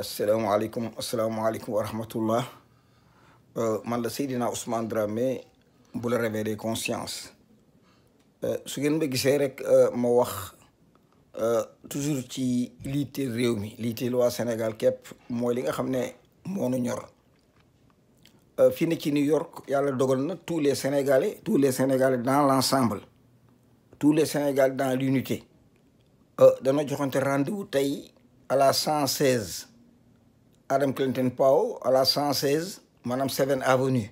asalaamaaleykum asalaamaaleykum wa euh, man la Seydina Ousmane Dramé bu la réveillé conscience euh, su ngeen ma gisee rek euh, ma wax toujours ci liite réew mi liiteel waa Sénégal képp mooy li nga xam ne moonu ñor fii ne ci New York yàlla dogal na tous les Sénégalais tous les Sénégalais dans l'ensemble tous les Sénégalais dans l'unité dana joxante rendez-vous tey à la 116 Adam Clinton Powell à la 116 maanaam 7 avenue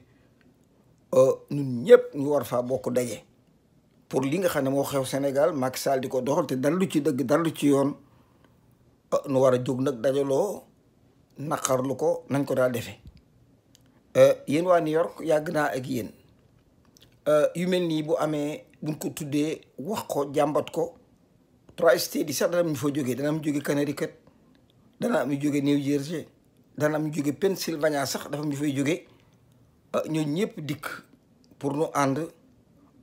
euh, ñun ñëpp ñu war fa bokk daje pour li nga xam ne moo xew Sénégal Macky Sall di ko doxal te dal lu ci dëgg dara lu ci yoon euh, nu war a jóg nag dajaloo naqarlu ko nañ ko daal defee. Euh, yéen waa New York yàgg naa ak yéen yu mel nii bu amee buñ ko tuddee wax ko jàmbat ko. trois stades yi sax dana am ñu fa jógee dana am jóge dana am ñu jóge New Jersey dana mu jóge Pennsylvania sax dafa am ñu fay jóge euh, ñooñu ñëpp dikk pour nu ànd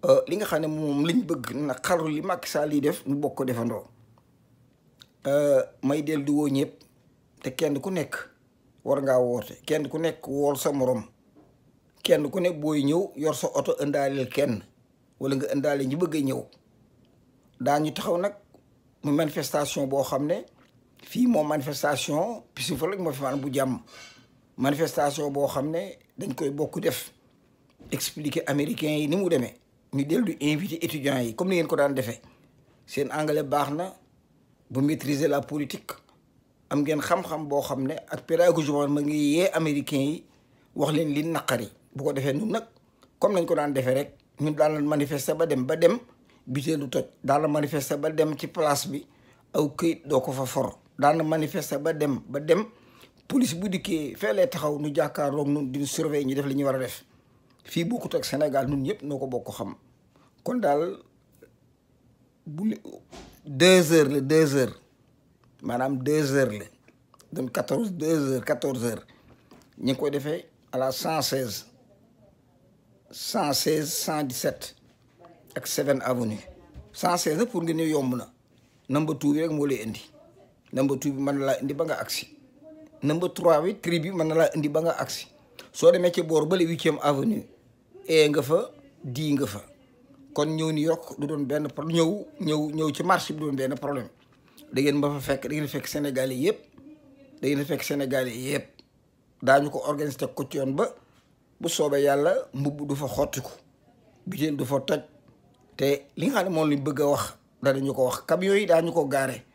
euh, li nga xam ne moom lañ bëgg na xaru li Macky Sall yi def nu bokk ko defandoo euh, may del di woo ñëpp te kenn ku nekk war ngaa woote kenn ku nekk wool sa moroom kenn ku nekk booy ñëw yor sa oto indaaleel kenn wala nga indaale ñi bëgg a ñëw daañu taxaw nag mu manifestation boo xam ne fii moom manifestation piscifole moo bu jàmm manifestation boo xam ne dañ koy bokk def expliquer américains yi ni mu demee ñu dellu di invité étudiants yi comme ni ngeen ko daan defee seen anglais baax na bu maitriser la politique am ngeen xam-xam boo xam ne ak pédagogie boo ma ngi yee américains yi wax leen li naqari bu ko defee ñun nag comme nañ ko daan defee rek ñun daan la ba dem ba dem bitee lu toj daan la manifester ba dem ci place bi aw këyit doo ko fa for daal na manifester ba dem ba dem police bu dikkee feelee taxaw nu jàkkaarloog nun di surveiller ñu def li ñu war a def fii bu ko teg Sénégal nun ñëpp noo ko bokk xam kon daal bu deux heures la deux heures maanaam deux heures la doon quatorze deux heures quatorze heures ñi ngi koy defee à la cent seize cent seize cent dix-sept ak Seven Avenue cent seize pour ngeen ne yomb na number two bi rek moo lay indi number two bi man na laa indi ba nga agsi number trois bi tri bi mën na laa indi ba nga agsi soo demee ci boor bale huitième avenue e nga fa di nga fa kon ñëw ni yokk du doon benn problème ñëw ñëw ñëw ci marché bi du doon benn problème da ngeen ma fa fekk da ngeen fekk sénégalais yëpp da ngeen fekk sénégalais yëpp daañu ko organise teg ko yoon ba bu soobee yàlla mbubb du fa xottiku biteel du fa toj te li nga xam ne moom lañ bëgg a wax danañu ko wax camion yi daañu ko gaare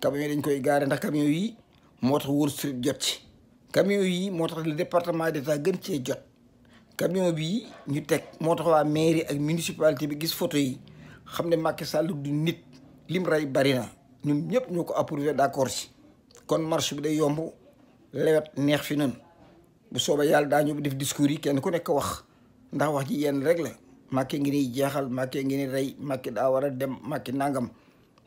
camion yi dañ koy gaare ndax camion yi moo tax Wall Street jot ci yi moo tax le de d'état gën cee jot camion bi ñu teg moo tax waa mairie ak municipalité bi gis photo yi xam ne Macky Sall du nit lim rey bari na ñun ñëpp ñoo ko approuvé d'accord si kon marche bi day yomb lewet neex fi nan bu daa yàlla daañu def discours yi kenn ku nekk wax ndax wax ji yenn rek la Macky ngi niy jeexal Macky ngi rey Macky daa war a dem Macky nangam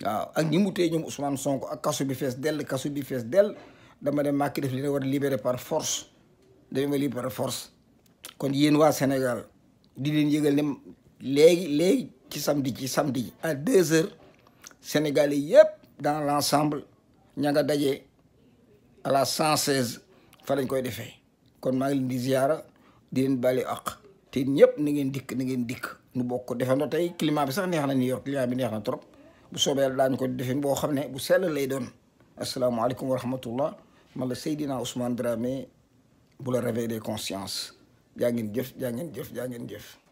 waaw ak ñi mu ñoom Ousmane sonk ak kasu bi fees dell kasu bi fees dell dama dem Macky def li ne war a par force dañu ma libérer par force kon yéen waa Sénégal di leen yëgal ne léegi léegi ci samedi ci samedi ji à deux heures Sénégalais yëpp dans l' ensemble ña nga daje à la cent seize fa lañ koy defee kon maa ngi leen di ziara di leen bàyyi ak teen ñëpp na ngeen dikk na ngeen dikk nu bokk defandoo tey climat bi sax neex na New York climat bi neex na trop bu soobee yàlla daañu ko defin boo xam ne bu sell lay doon asalaamaaleykum wa rahmatullah man la Seydina Ousmane Dramé bu la réveil des consciences jaa ngeen jëf jaa ngeen jëf jaa ngeen jëf